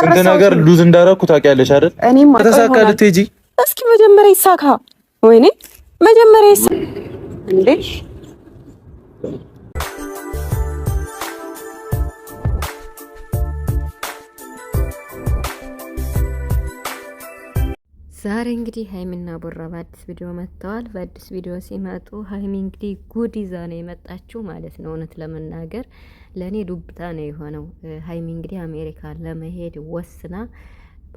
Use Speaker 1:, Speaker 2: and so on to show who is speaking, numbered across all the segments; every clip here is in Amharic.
Speaker 1: ስንት ነገር ሉዝ እንዳደረኩ ታውቂያለሽ አይደል? እኔም ተሳካ ልትሄጂ
Speaker 2: እስኪ መጀመሪያ ይሳካ። ወይኔ መጀመሪያ ይሳካ እንዴ ዛሬ እንግዲህ ሀይሚና ቦራ በአዲስ ቪዲዮ መጥተዋል። በአዲስ ቪዲዮ ሲመጡ ሀይሚ እንግዲህ ጉድ ይዛ ነው የመጣችው ማለት ነው። እውነት ለመናገር ለእኔ ዱብታ ነው የሆነው። ሀይሚ እንግዲህ አሜሪካ ለመሄድ ወስና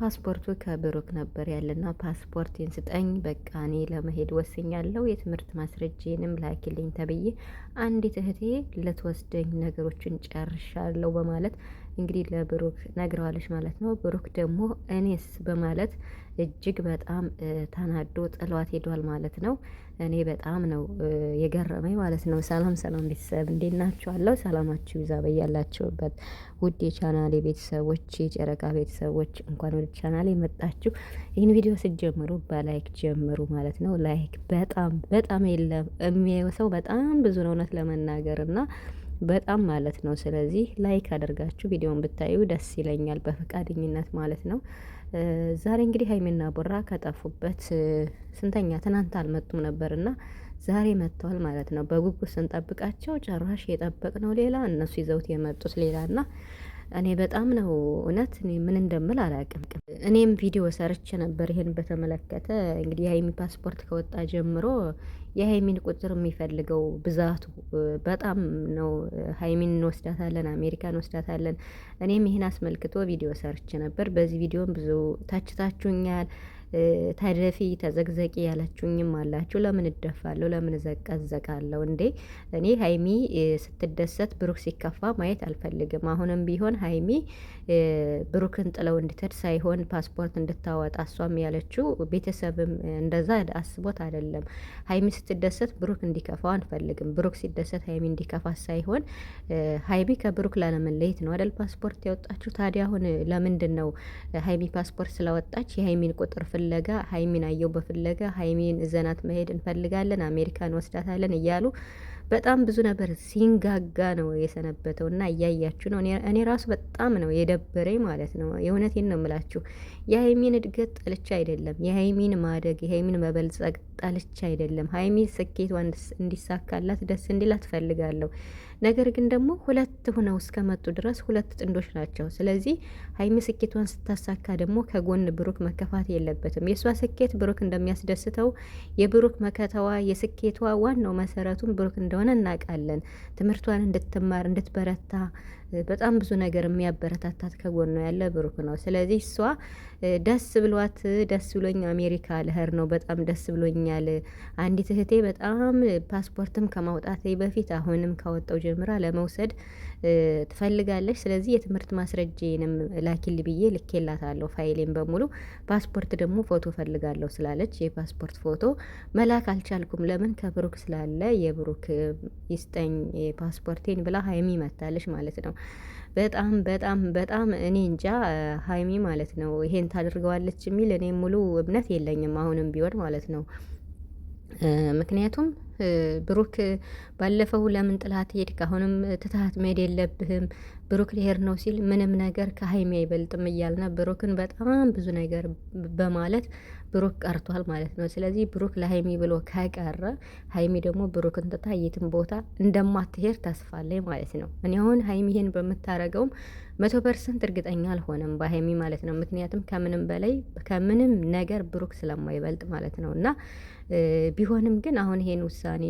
Speaker 2: ፓስፖርቱ ከብሩክ ነበር ያለና ፓስፖርቴን ስጠኝ በቃ እኔ ለመሄድ ወስኛለሁ፣ የትምህርት ማስረጃዬንም ላኪልኝ ተብዬ አንዲት እህቴ ልትወስደኝ ነገሮችን ጨርሻለሁ በማለት እንግዲህ ለብሩክ ነግረዋለች ማለት ነው። ብሩክ ደግሞ እኔስ በማለት እጅግ በጣም ተናዶ ጥሏት ሄዷል ማለት ነው። እኔ በጣም ነው የገረመኝ ማለት ነው። ሰላም ሰላም ቤተሰብ እንዴት ናችኋለሁ? ሰላማችሁ ይዛ በያላችሁበት ውድ የቻናሌ ቤተሰቦች፣ የጨረቃ ቤተሰቦች እንኳን ወደ ቻናሌ መጣችሁ። ይህን ቪዲዮ ስትጀምሩ በላይክ ጀምሩ ማለት ነው። ላይክ በጣም በጣም የለም የሚያየው ሰው በጣም ብዙ ነው እውነት ለመናገር እና በጣም ማለት ነው። ስለዚህ ላይክ አድርጋችሁ ቪዲዮን ብታዩ ደስ ይለኛል፣ በፈቃደኝነት ማለት ነው። ዛሬ እንግዲህ ሀይሚና ቡራ ከጠፉበት ስንተኛ ትናንት አልመጡም ነበርና ዛሬ መጥተዋል ማለት ነው። በጉጉት ስንጠብቃቸው ጭራሽ ነው ሌላ፣ እነሱ ይዘውት የመጡት ሌላ ና እኔ በጣም ነው እውነት ምን እንደምል አላውቅም። እኔም ቪዲዮ ሰርቼ ነበር ይሄን በተመለከተ እንግዲህ የሀይሚ ፓስፖርት ከወጣ ጀምሮ የሀይሚን ቁጥር የሚፈልገው ብዛቱ በጣም ነው። ሀይሚን እንወስዳታለን፣ አሜሪካ እንወስዳታለን። እኔም ይህን አስመልክቶ ቪዲዮ ሰርቼ ነበር። በዚህ ቪዲዮም ብዙ ታችታችሁኛል። ተደፊ ተዘግዘቂ ያላችሁኝም አላችሁ። ለምን እደፋለሁ? ለምን እዘቀዘቃለሁ? እንዴ እኔ ሀይሚ ስትደሰት ብሩክ ሲከፋ ማየት አልፈልግም። አሁንም ቢሆን ሀይሚ ብሩክን ጥለው እንድትሄድ ሳይሆን ፓስፖርት እንድታወጣ እሷም ያለችው ቤተሰብም እንደዛ አስቦት አይደለም። ሀይሚ ስትደሰት ብሩክ እንዲከፋው አንፈልግም። ብሩክ ሲደሰት ሀይሚ እንዲከፋ ሳይሆን ሀይሚ ከብሩክ ላለመለየት ነው አይደል ፓስፖርት ያወጣችሁ። ታዲያ አሁን ለምንድን ነው ሀይሚ ፓስፖርት ስለወጣች የሀይሚን ቁጥር ፍለጋ ሀይሚን አየው በፍለጋ ሀይሚን እዘናት መሄድ እንፈልጋለን አሜሪካን ወስዳታለን እያሉ በጣም ብዙ ነበር ሲንጋጋ ነው የሰነበተው። እና እያያችሁ ነው። እኔ ራሱ በጣም ነው የደበረኝ ማለት ነው። የእውነቴን ነው የምላችሁ። የሀይሚን እድገት ጠልቻ አይደለም፣ የሀይሚን ማደግ፣ የሀይሚን መበልጸግ ጠልቻ አይደለም። ሀይሚን ስኬቷ እንዲሳካላት ደስ እንዲላት ትፈልጋለሁ። ነገር ግን ደግሞ ሁለት ሆነው እስከመጡ ድረስ ሁለት ጥንዶች ናቸው። ስለዚህ ሀይሚ ስኬቷን ስታሳካ ደግሞ ከጎን ብሩክ መከፋት የለበትም። የእሷ ስኬት ብሩክ እንደሚያስደስተው የብሩክ መከተዋ የስኬቷ ዋናው መሰረቱን ብሩክ እንደሆነ እናውቃለን። ትምህርቷን እንድትማር እንድትበረታ በጣም ብዙ ነገር የሚያበረታታት ከጎን ነው ያለ ብሩክ ነው። ስለዚህ እሷ ደስ ብሏት ደስ ብሎኝ አሜሪካ ልሄድ ነው በጣም ደስ ብሎኛል። አንዲት እህቴ በጣም ፓስፖርትም ከማውጣቴ በፊት አሁንም ካወጣው ጀምራ ለመውሰድ ትፈልጋለች። ስለዚህ የትምህርት ማስረጃዬንም ላኪል ብዬ ልኬላታለሁ ፋይሌን በሙሉ። ፓስፖርት ደግሞ ፎቶ ፈልጋለሁ ስላለች የፓስፖርት ፎቶ መላክ አልቻልኩም። ለምን ከብሩክ ስላለ የብሩክ ይስጠኝ ፓስፖርቴን ብላ ሀይሚ መታለች ማለት ነው። በጣም በጣም በጣም እኔ እንጃ ሀይሚ ማለት ነው ይሄን ታደርገዋለች የሚል እኔ ሙሉ እምነት የለኝም አሁንም ቢሆን ማለት ነው። ምክንያቱም ብሩክ ባለፈው ለምን ጥላት ሄድክ? አሁንም ትታት መሄድ የለብህም ብሩክ ሊሄድ ነው ሲል ምንም ነገር ከሀይሚ አይበልጥም እያልና ብሩክን በጣም ብዙ ነገር በማለት ብሩክ ቀርቷል ማለት ነው። ስለዚህ ብሩክ ለሀይሚ ብሎ ከቀረ ሀይሚ ደግሞ ብሩክን ትታ የትም ቦታ እንደማትሄድ ተስፋ ማለት ነው። እኔ አሁን ሀይሚ ይሄን በምታረገውም መቶ ፐርሰንት እርግጠኛ አልሆነም በሀይሚ ማለት ነው። ምክንያቱም ከምንም በላይ ከምንም ነገር ብሩክ ስለማይበልጥ ማለት ነው እና ቢሆንም ግን አሁን ይሄን ውሳኔ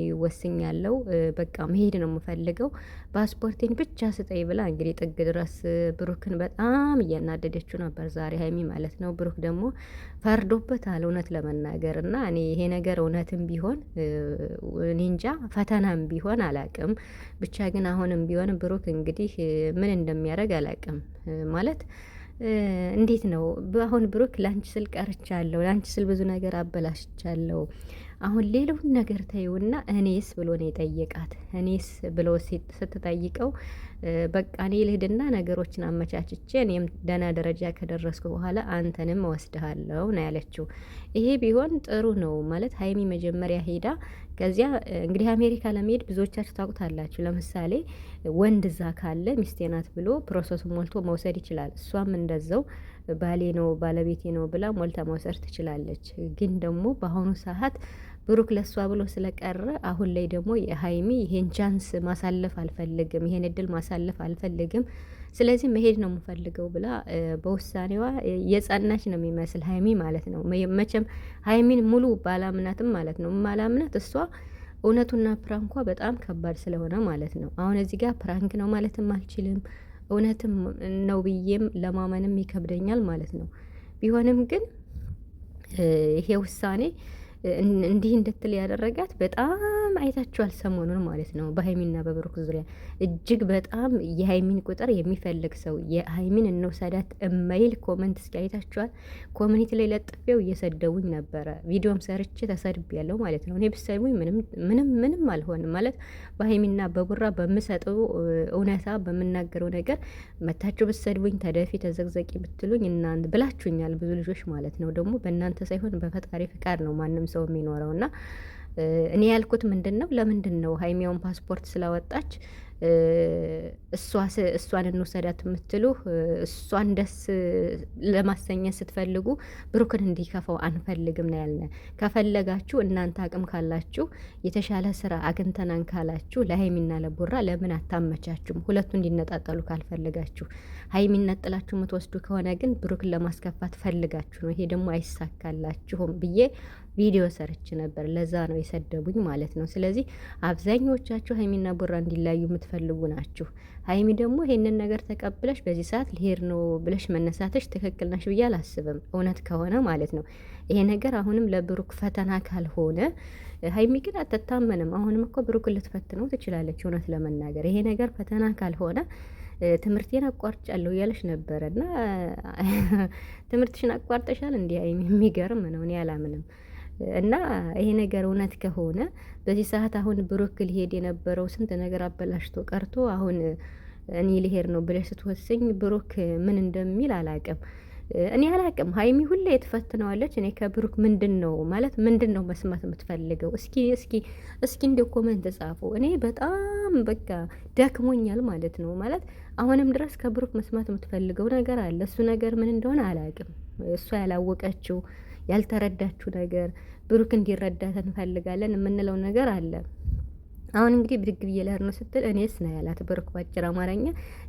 Speaker 2: ያለው በቃ መሄድ ነው የምፈልገው። ፓስፖርቴን ብቻ ስጠይ ብላ እንግዲህ ጥግ ድረስ ብሩክን በጣም እያናደደችው ነበር ዛሬ ሀይሚ ማለት ነው። ብሩክ ደግሞ ፈርዶበታል እውነት ለመናገር እና እኔ ይሄ ነገር እውነትም ቢሆን ኒንጃ ፈተናም ቢሆን አላቅም። ብቻ ግን አሁንም ቢሆን ብሩክ እንግዲህ ምን እንደሚያደርግ አላቅም ማለት እንዴት ነው አሁን ብሩክ ላንቺ ስል ቀርቻለሁ፣ ላንቺ ስል ብዙ ነገር አበላሽቻለሁ፣ አሁን ሌላውን ነገር ተይውና እኔስ ብሎ ነው የጠየቃት። እኔስ ብሎ ስትጠይቀው በቃ እኔ ልሂድና ነገሮችን አመቻችቼ እኔም ደህና ደረጃ ከደረስኩ በኋላ አንተንም እወስድሃለሁ ነው ያለችው። ይሄ ቢሆን ጥሩ ነው ማለት ሀይሚ መጀመሪያ ሄዳ ከዚያ እንግዲህ አሜሪካ ለመሄድ ብዙዎቻችሁ ታውቁታላችሁ። ለምሳሌ ወንድ እዛ ካለ ሚስቴናት ብሎ ፕሮሰሱ ሞልቶ መውሰድ ይችላል። እሷም እንደዛው ባሌ ነው ባለቤቴ ነው ብላ ሞልታ መውሰድ ትችላለች። ግን ደግሞ በአሁኑ ሰዓት ብሩክ ለሷ ብሎ ስለቀረ አሁን ላይ ደግሞ የሀይሚ ይሄን ቻንስ ማሳለፍ አልፈልግም፣ ይሄን እድል ማሳለፍ አልፈልግም፣ ስለዚህ መሄድ ነው የምፈልገው ብላ በውሳኔዋ የጸናች ነው የሚመስል ሀይሚ ማለት ነው። መቼም ሀይሚን ሙሉ ባላምናትም ማለት ነው ማላምናት እሷ እውነቱና ፕራንኳ በጣም ከባድ ስለሆነ ማለት ነው። አሁን እዚህ ጋር ፕራንክ ነው ማለትም አልችልም። እውነትም ነው ብዬም ለማመንም ይከብደኛል ማለት ነው። ቢሆንም ግን ይሄ ውሳኔ እንዲህ እንድትል ያደረጋት በጣም አይታችኋል፣ ሰሞኑን ማለት ነው። በሀይሚና በብሩክ ዙሪያ እጅግ በጣም የሀይሚን ቁጥር የሚፈልግ ሰው የሀይሚን እንውሰዳት እማይል ኮመንት እስኪ አይታችኋል። ኮሚኒቲ ላይ ለጥፌው እየሰደቡኝ ነበረ። ቪዲዮም ሰርቼ ተሰድብ ያለው ማለት ነው። እኔ ብሰድቡኝ ምንም ምንም አልሆንም ማለት በሀይሚና በጉራ በምሰጠው እውነታ በምናገረው ነገር መታችሁ ብሰድቡኝ ተደፊ ተዘግዘቂ ብትሉኝ እና ብላችሁኛል ብዙ ልጆች ማለት ነው። ደግሞ በእናንተ ሳይሆን በፈጣሪ ፍቃድ ነው ማንም ሰው የሚኖረው እና እኔ ያልኩት ምንድን ነው ለምንድን ነው ሀይሚውን ፓስፖርት ስላወጣች እሷን እንውሰዳት የምትሉ እሷን ደስ ለማሰኘት ስትፈልጉ ብሩክን እንዲከፋው አንፈልግም ነው ያልነ። ከፈለጋችሁ እናንተ አቅም ካላችሁ የተሻለ ስራ አግኝተናን ካላችሁ ለሀይሚና ለቡራ ለምን አታመቻችሁም? ሁለቱ እንዲነጣጠሉ ካልፈለጋችሁ ሀይሚን ነጥላችሁ የምትወስዱ ከሆነ ግን ብሩክን ለማስከፋት ፈልጋችሁ ነው። ይሄ ደግሞ አይሳካላችሁም ብዬ ቪዲዮ ሰርች ነበር። ለዛ ነው የሰደቡኝ ማለት ነው። ስለዚህ አብዛኞቻችሁ ሀይሚና ቡራ እንዲለያዩ የምትፈልጉ ናችሁ። ሀይሚ ደግሞ ይሄንን ነገር ተቀብለሽ በዚህ ሰዓት ልሄድ ነው ብለሽ መነሳተሽ ትክክል ነሽ ብዬ አላስብም። እውነት ከሆነ ማለት ነው ይሄ ነገር አሁንም ለብሩክ ፈተና ካልሆነ ሀይሚ ግን አትታመንም። አሁንም እኮ ብሩክን ልትፈትነው ትችላለች። እውነት ለመናገር ይሄ ነገር ፈተና ካልሆነ ትምህርቴን አቋርጫለሁ እያለሽ ነበረ እና ትምህርትሽን አቋርጠሻል። እንዲህ የሚገርም ነው። እኔ አላምንም። እና ይሄ ነገር እውነት ከሆነ በዚህ ሰዓት አሁን ብሩክ ሊሄድ የነበረው ስንት ነገር አበላሽቶ ቀርቶ አሁን እኔ ሊሄድ ነው ብለሽ ስትወስኝ ብሩክ ምን እንደሚል አላቅም። እኔ አላቅም። ሀይሚ ሁሌ የትፈትነዋለች። እኔ ከብሩክ ምንድን ነው ማለት ምንድን ነው መስማት የምትፈልገው? እስኪ እስኪ እስኪ እንደ ኮመንት ጻፉ። እኔ በጣም በቃ ደክሞኛል ማለት ነው። ማለት አሁንም ድረስ ከብሩክ መስማት የምትፈልገው ነገር አለ። እሱ ነገር ምን እንደሆነ አላቅም። እሷ ያላወቀችው ያልተረዳችው ነገር ብሩክ እንዲረዳት እንፈልጋለን የምንለው ነገር አለ። አሁን እንግዲህ ብድግ ብዬ ልሄድ ነው ስትል እኔስ ነው ያላት ብሩክ ባጭር አማርኛ።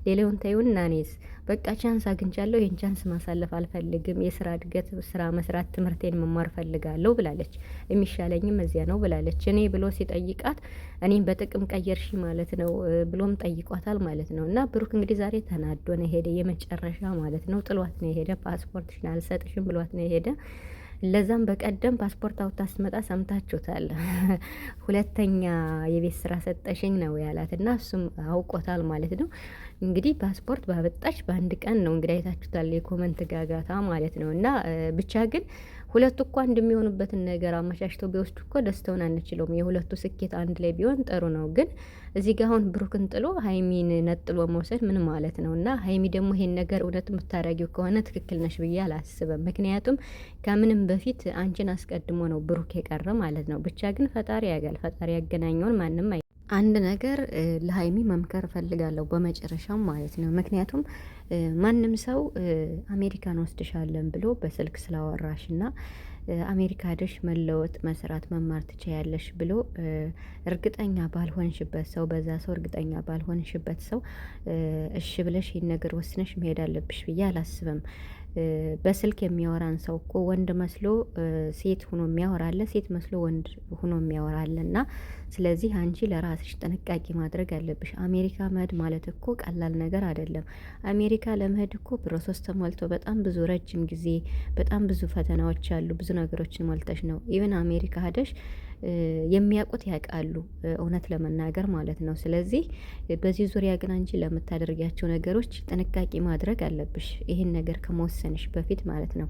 Speaker 2: ሌላውን ታዩና እኔስ በቃ ቻንስ አግኝቻለሁ፣ ይህን ቻንስ ማሳለፍ አልፈልግም። የስራ እድገት፣ ስራ መስራት፣ ትምህርቴን መማር ፈልጋለሁ ብላለች። የሚሻለኝም እዚያ ነው ብላለች። እኔ ብሎ ሲጠይቃት እኔም በጥቅም ቀየርሽ ማለት ነው ብሎም ጠይቋታል ማለት ነው። እና ብሩክ እንግዲህ ዛሬ ተናዶ ነው የሄደ የመጨረሻ ማለት ነው። ጥሏት ነው የሄደ ፓስፖርትሽን አልሰጥሽም ብሏት ነው የሄደ ለዛም በቀደም ፓስፖርት አውጥታ ስትመጣ ሰምታችሁታል። ሁለተኛ የቤት ስራ ሰጠሽኝ ነው ያላት እና እሱም አውቆታል ማለት ነው። እንግዲህ ፓስፖርት ባበጣች በአንድ ቀን ነው እንግዲህ አይታችሁታል፣ የኮመንት ጋጋታ ማለት ነው እና ብቻ ግን ሁለቱ እኮ አንድ የሚሆኑበትን ነገር አመቻችተው ቢወስዱ እኮ ደስተውን አንችለውም። የሁለቱ ስኬት አንድ ላይ ቢሆን ጥሩ ነው። ግን እዚህ ጋ አሁን ብሩክን ጥሎ ሀይሚን ነጥሎ መውሰድ ምን ማለት ነው? እና ሀይሚ ደግሞ ይሄን ነገር እውነት የምታደርጊው ከሆነ ትክክል ነሽ ብዬ አላስብም። ምክንያቱም ከምንም በፊት አንቺን አስቀድሞ ነው ብሩክ የቀረ ማለት ነው። ብቻ ግን ፈጣሪ ያጋል ፈጣሪ ያገናኘውን ማንም አይ አንድ ነገር ለሀይሚ መምከር እፈልጋለሁ በመጨረሻም ማለት ነው ምክንያቱም ማንም ሰው አሜሪካን ወስድሻለን ብሎ በስልክ ስላወራሽና አሜሪካ ደሽ መለወጥ፣ መስራት፣ መማር ትችያለሽ ብሎ እርግጠኛ ባልሆንሽበት ሰው በዛ ሰው እርግጠኛ ባልሆንሽበት ሰው እሺ ብለሽ ይህን ነገር ወስነሽ መሄድ አለብሽ ብዬ አላስብም። በስልክ የሚያወራን ሰው እኮ ወንድ መስሎ ሴት ሆኖ የሚያወራለ፣ ሴት መስሎ ወንድ ሆኖ የሚያወራለ። እና ስለዚህ አንቺ ለራስሽ ጥንቃቄ ማድረግ አለብሽ። አሜሪካ መሄድ ማለት እኮ ቀላል ነገር አይደለም። አሜሪካ ለመሄድ እኮ ሶስት ሞልቶ በጣም ብዙ ረጅም ጊዜ፣ በጣም ብዙ ፈተናዎች አሉ። ብዙ ነገሮችን ሞልተሽ ነው ኢቨን አሜሪካ ሀደሽ የሚያውቁት ያውቃሉ፣ እውነት ለመናገር ማለት ነው። ስለዚህ በዚህ ዙሪያ ግን አንቺ ለምታደርጊያቸው ነገሮች ጥንቃቄ ማድረግ አለብሽ፣ ይህን ነገር ከመወሰንሽ በፊት ማለት ነው።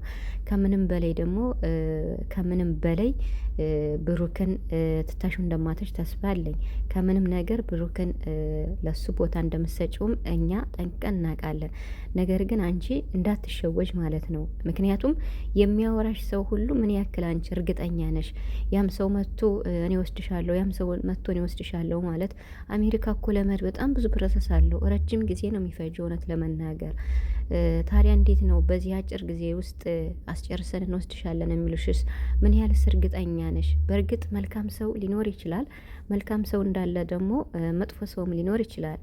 Speaker 2: ከምንም በላይ ደግሞ ከምንም በላይ ብሩክን ትታሹ እንደማተች ተስፋ አለኝ። ከምንም ነገር ብሩክን ለሱ ቦታ እንደምሰጭውም እኛ ጠንቅቀን እናውቃለን። ነገር ግን አንቺ እንዳትሸወጅ ማለት ነው። ምክንያቱም የሚያወራሽ ሰው ሁሉ ምን ያክል አንቺ እርግጠኛ ነሽ ያም ሰው መጥቶ መጥቶ እኔ ወስድሻለሁ፣ ያም ሰው መጥቶ እኔ ወስድሻለሁ ማለት አሜሪካ እኮ ለመድ በጣም ብዙ ፕሮሰስ አለው። ረጅም ጊዜ ነው የሚፈጀው እውነት ለመናገር ታዲያ እንዴት ነው በዚህ አጭር ጊዜ ውስጥ አስጨርሰን እንወስድሻለን የሚሉሽስ ምን ያህል እርግጠኛ ነሽ? በእርግጥ መልካም ሰው ሊኖር ይችላል። መልካም ሰው እንዳለ ደግሞ መጥፎ ሰውም ሊኖር ይችላል።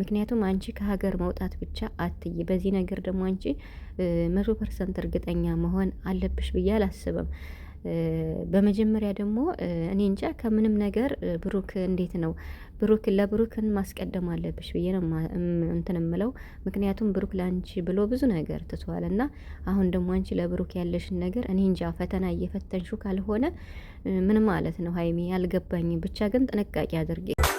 Speaker 2: ምክንያቱም አንቺ ከሀገር መውጣት ብቻ አትይ። በዚህ ነገር ደግሞ አንቺ መቶ ፐርሰንት እርግጠኛ መሆን አለብሽ ብዬ አላስብም። በመጀመሪያ ደግሞ እኔ እንጃ ከምንም ነገር ብሩክ እንዴት ነው ብሩክ ለብሩክን ማስቀደም አለብሽ ብዬ ነው እንትን እምለው። ምክንያቱም ብሩክ ለአንቺ ብሎ ብዙ ነገር ትቷል እና አሁን ደግሞ አንቺ ለብሩክ ያለሽን ነገር እኔ እንጃ ፈተና እየፈተንሹ ካልሆነ ምን ማለት ነው ሀይሚ? አልገባኝም። ብቻ ግን ጥንቃቄ አድርጌ